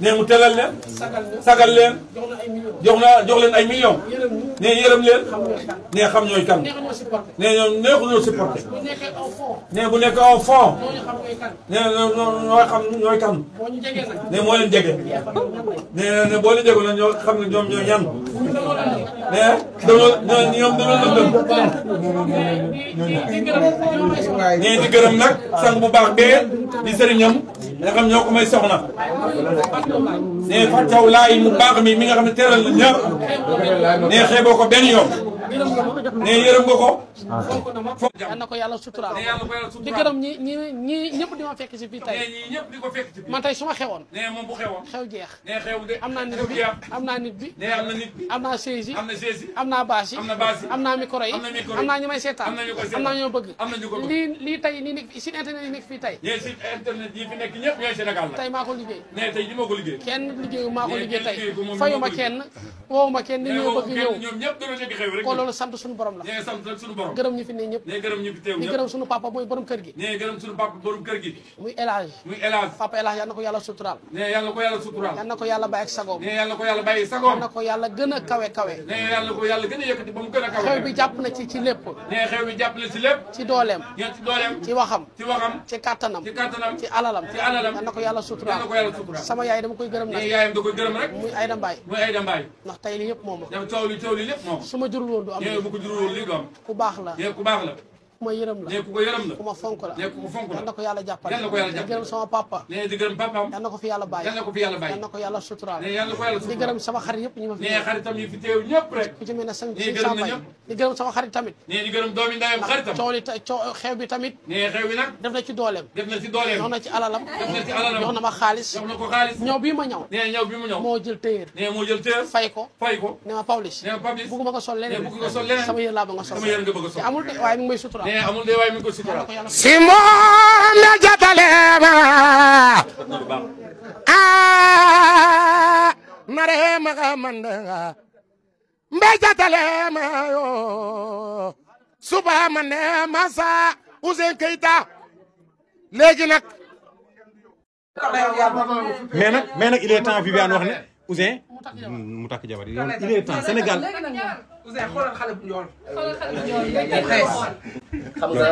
ne mu teral leen sagal leen jox na jox leen ay millions ne yërëm leen ne xam ñooy kan ne ñoom neexuñoo supporté ne bu nekk au ñoo xam ñooy kan ne moo leen jege ne ne boo leen jege na ñoo xam ñoom ñoo ñan ne dañoo ñoom dañoo lëndëm ne di gërëm nag sang bu baax bee nga xam ñoo ko may soxna ne fàttaw laay mu baax mi mi nga xam ne teral la ñëpp ne xeeboo ko benn yoon ne yërëm nga ko. foofu na ko yàlla suturaal. di gërëm ñi ñi ñi ñëpp di ma fekk si fii tey. naa nit bi naa nit bi. am naa chaise yi. am naa bâche yi. am naa micro yi. am naa maa ko liggéey. kenn liggéeyu maa ko liggéey tey fayuma kenn woowu ma kenn ñëw bëgg ñëpp gënoon a di xew rek kon loolu sant suñu borom la nee sant rek suñu borom gërëm ñu ne ñëpp nee gërëm ñu fi mooy borom kër gi muy El muy El Hadj papa El na ko yàlla suturaal a kawe kawe nee yal a yëkkati ba mu gën a kawe xew bi jàpp na ci ci lépp nee sama yaay dama koy gërëm nag muy Ayda ndax tey li yëpp moom la. yow coow li coow li lépp moom. su ma jurul woon du am. yow bu ko jurul woon lii du am. ku baax la yow ku baax la. ku ma yërëm la nee ku ko yërëm la ku ma fonk la nee ku ko fonk la yal na ko yàlla jàppale yal na ko yàlla jàppale di gërëm sama papa nee di gërëm papaam yal na ko fi yàlla bàyyi yal na ko fi yàlla bàyyi yal na ko yàlla suturaal nee yal na ko yàlla suturaal di gërëm sama xarit yëpp ñu ma fi nee xaritam yi fi teew ñëpp rek ku ci mel ne sang nee gërëm na ñëpp di gërëm sama xarit tamit nee di gërëm doomi ndayam xaritam coow li coow xew bi tamit nee xew bi nag def na ci dooleem def na ci dooleem jox na ci alalam def na ci alalam jox na ma xaalis jox na ko xaalis ñëw bi ma ñëw nee ñëw bi mu ñëw moo jël téer nee moo jël téer fay ko fay ko nee ma Pawlish nee ma Pawlish bëgg ma ko sol leneen bëgg nga sol leneen sama yër laa bëgg nga sol sama yër nga bëgg a sol amul waaye mi ngi may sutura nee amul de waaye mi ka man de nga. yoo. suba ma ne Massa Ousseyn Keita. léegi nag. mais nag mais nag il est temps Viviane Ouzin mu takk jabar il est temps Sénégal. Ouzin xoolal xale bu njool. xam nga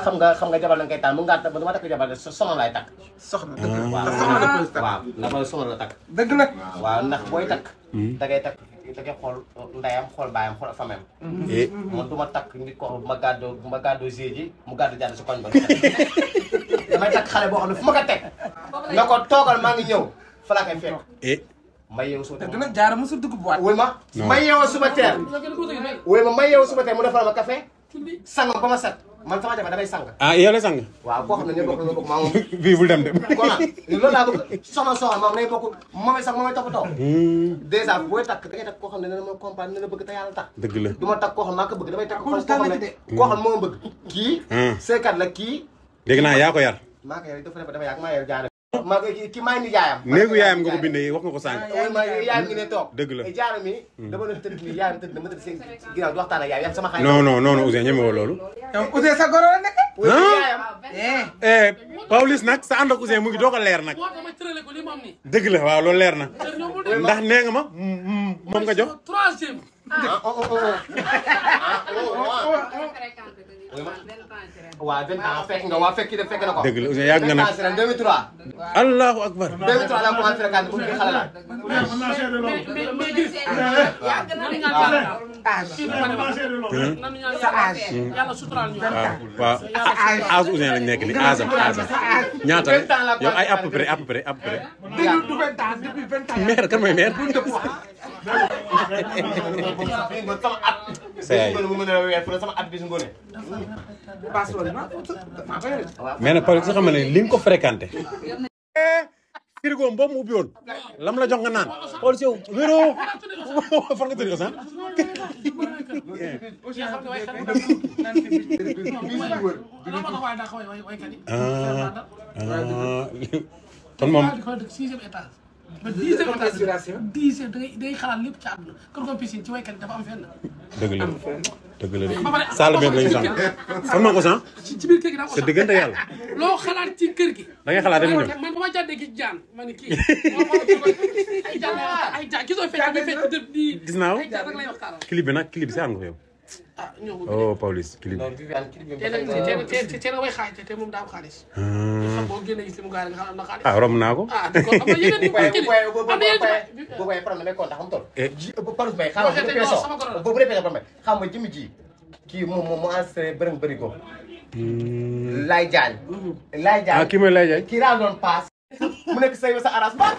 xam nga xam nga jabar la nga koy taal mën ngaa ta dama takk jabar soxna laay takk. soxna dëgg takk waaw dëgg la waaw ndax booy takk. da ngay da ngay xool ndayam xool baayam xool famem man ma takk nit ko ma gàddoo ma gàddoo mu gàddu jàll si koñ ba damay takk xale boo xam ne fu ma ko teg na ko toogal maa ngi ñëw fa laa koy fekk eh. may yow suba teel te dina jaar mosul dugg boîte. wuy ma may yow suba teel. wuy ma may yow suba teel mu defal ma sang ba ma set man sama jafe sang. ah yow la sang. waaw koo xam ne ñoo bokk na ñoo bokk maa moom. bii bul bëgg soxna soxna moom nay bokk moomay sang moomay toppatoo. Hmm. dèjà booy da ngay takk koo xam ne bëgg te yàlla takk koo maa ko bëgg damay takk koo moo bëgg. Hmm. kii. seekat la kii. dégg naa yaa ko yar. maa ko yar dafa dafa maa yar jaar ma ki may ni yaayam. néegu yaayam nga ko bindee wax nga ko sànq. yaayam ngi ne toog dëgg la jaaro mi. Hmm. dama doon tëdd nii yaayam tëdd dama tëdd seen ginnaaw di waxtaan ak yaayam sama xarit. non non non Ouzin ñeme woo loolu. Ouzin sa goro la nekk. yaayam. Eh. Eh, Pawlish nag sa ànd ak Ouzin mu ngi doog a leer nag. dëgg la waaw loolu leer na. ndax nee nga ma mm, mm, moom nga jox. troisième. ah oh oh oh. waaw 20 ans fekk nga waaw fekk de fekk na ko. dëgg la Ousseyn yàgg nga nag 2003. allahu akbar. 2003 laa commencé fréquenté pour ñu xalaat. waaw âge Ousseyn lañ nekk nii âge am âge am ñaata la yow ay à peu près à peu près à peu près. maire kan mooy maire. saa yi mais nag Pawlish xam ne li nga ko fréquenté. Eh, frigo boobu mu ubbi lam la jox nga naan Pawlish yow wéroo fan nga tëdd ko sax. ah, ah. ah, ah. moom. ba dix heures inspiration dix day day xalaat lépp ci àdduna kër ko piscine ci waykat yi dafa am fenn. dëgg la dëgg la de saal benn lañu sax fan ko sax ci biir kër gi yàlla loo xalaat ci kër gi da ngay xalaat rek mu dem man dama jaan ma ni kii ay jaan ay jaan gisoo fecc bi gis naa clip bi nag clip si am nga ah ñoo ko. oh Pawlish clip bi. non Viviane clip bi. te te way xaaj te moom daa am xaalis. Hmm. xam boo génnee gis li mu gaari nga xam am na xaalis. ah romb naa ko. ah d' accord am na yeneen yu bëri kii bi boo booyee problème ay comptes xam eh, toll. ji Pawlish Mbaye xaaral ma répétition boobu répétition problème xam nga jëmi ji kii moom moom mu enregistré bërëm bëri ko. Hmm. Laye Diagne. Mm-hmm. Laye Diagne ah kii mooy Laye Diagne. kii laa doon paas. mu nekk sa sa arrangement.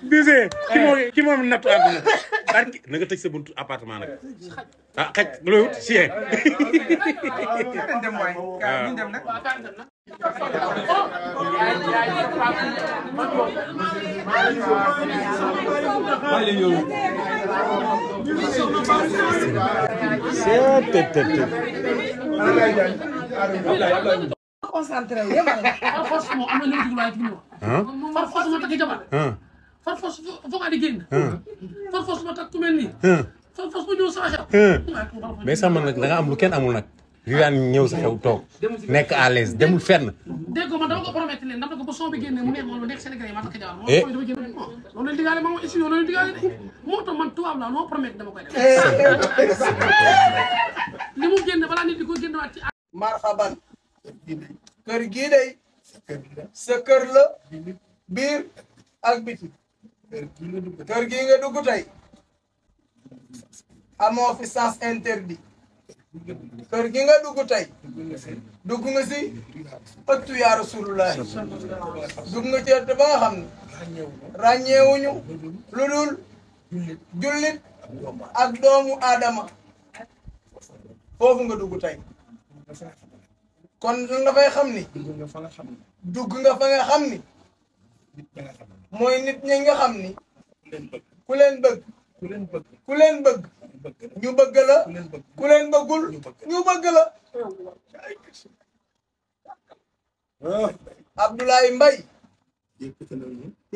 Bise ki moom ki moom nattu àdduna barki na nga tëj sa buntu appartement nag ah xaj looy wut chien dem concentré wu. far force foog a di génn. far force takk ku mel nii. far force ma ñëw sama xel. mais man nag da nga am lu kenn amul nag. Viviane ñëw sa xew toog nekk à l'aise demul fenn. dégg ma dama ko promettre leen dama ko ba son mu nekk Sénégal ma takk jabar. Eh. moo tax man tubaab laa loo promettre dama koy def. Eh. li kër gii day sa kër biir ak kër gii nga dugg kër gii nga dugg tey amoo fi sens interdit kër gi nga dugg tey dugg nga si ëttu yaa rasulullah dugg nga ci ëtt ba nga xam ne ràññeewuñu lu dul jullit ak doomu aadama foofu nga dugg tey kon nga fay xam ni dugg nga fa xam ni mooy nit ñi nga xam ni ku leen bëgg ku leen bëgg ku leen bëgg ñu bëgg la ku leen bëggul ñu bëgg la Abdoulaye Mbaye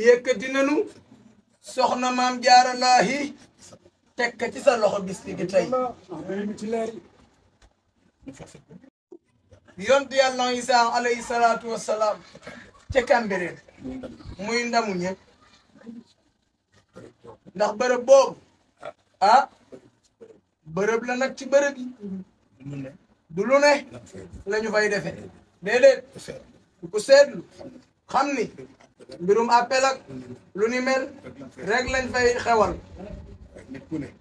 yëkkati nañu soxna maam jaara laahi tekk ci sa loxo bis gi tey yontu yàlla isa alayhi salaatu wassalaam ca Cambérène muy ndamu ndax bërëb boobu ah bërëb la nag ci bërëb du lu ne la fay defe déedéet ku seetlu xam ni mbirum appel lu ni mel rek lañ fay xewal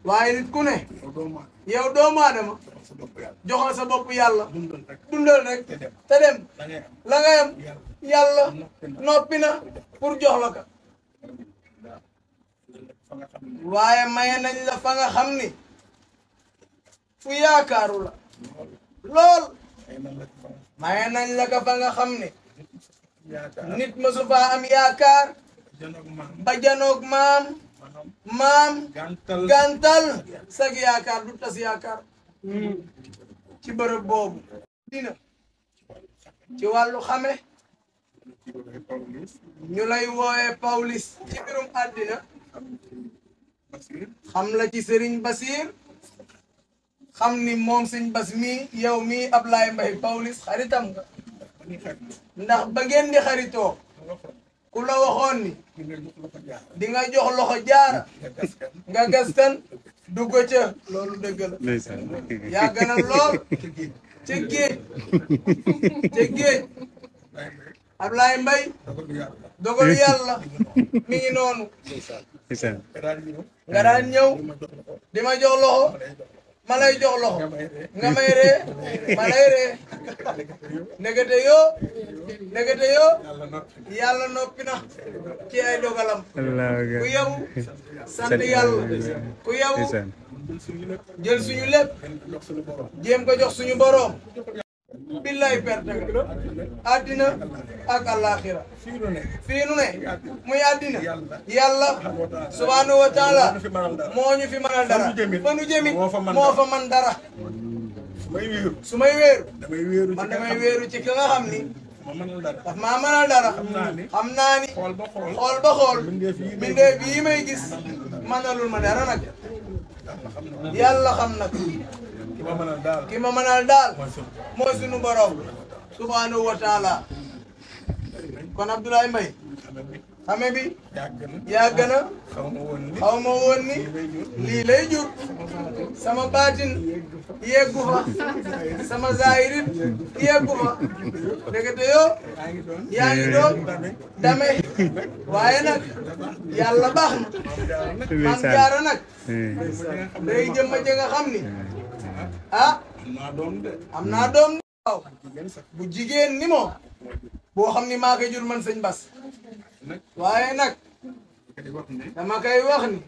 waaye nit ku ne yow doomu aadama joxal sa boppu yàlla dundal rek te dem la yàlla noppi na pour jox la ka waaye maye nañ la fa nga xam ni fu yaakaaru la lool maye nañ la ka fa nga xam ni nit ma su faa am yaakaar ba janoog maam maam gàntal sag du tas yaakaar hmm. ci bërëb boobu dina ci wàllu xame ñu lay woowee Pawlish ci mbirum àddina xam la ci sëriñ Basir xam ni moom sëñ Bas mii yow mii Ablaye Mbaye Pawlish xaritam nga ndax ba ngeen di ku la waxoon ni jox loxo jaar nga gaskan du ko loolu dëgg la yàgg lool ci géej ci géej Ablaye Mbaye dogalu yàlla mi ngi noonu nga daan ñëw di ma jox loxo ree ma ree ndekete yoo ndekete yoo yàlla noppi na ci ay dogalam ku yabu sant yàlla ku yabu jël suñu lépp jéem ko jox suñu boroom billaay perte nga àddina ak àllaaxira fii nu ne muy àddina yàlla subhaanahu wa taala moo ñu fi mënal dara fa nu jëmit moo fa man dara su may wéeru man damay wéeru ci ki nga xam ni daf maa mënal dara xam naa ni xool ba xool mbindeef yi may gis mënalul ma dara nag yàlla xam nag ki ma mënal daal mooy sunu borom subhanahu wa taala kon Abdoulaye Mbaye xame bi yàgg na xaw ma woon ni lii jur sama baatin yeggu fa sama zaahirin yeggu fa ndekete yoo yaa ngi dame waaye nag yàlla baax na man nag hmm. day jëmma ja nga xam ni ah am naa doom de. am naa doom de bu jigéen ni moo boo xam ni maa koy jur man sëñ Bas. waaye nag. dama koy wax ni.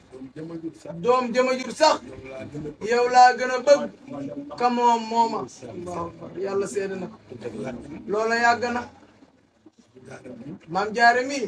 doom jëma jur sax. yow laa gën a bëgg. ka moom mooma. waaw yàlla seede na ko. loola yàgg na. maam jaare mii.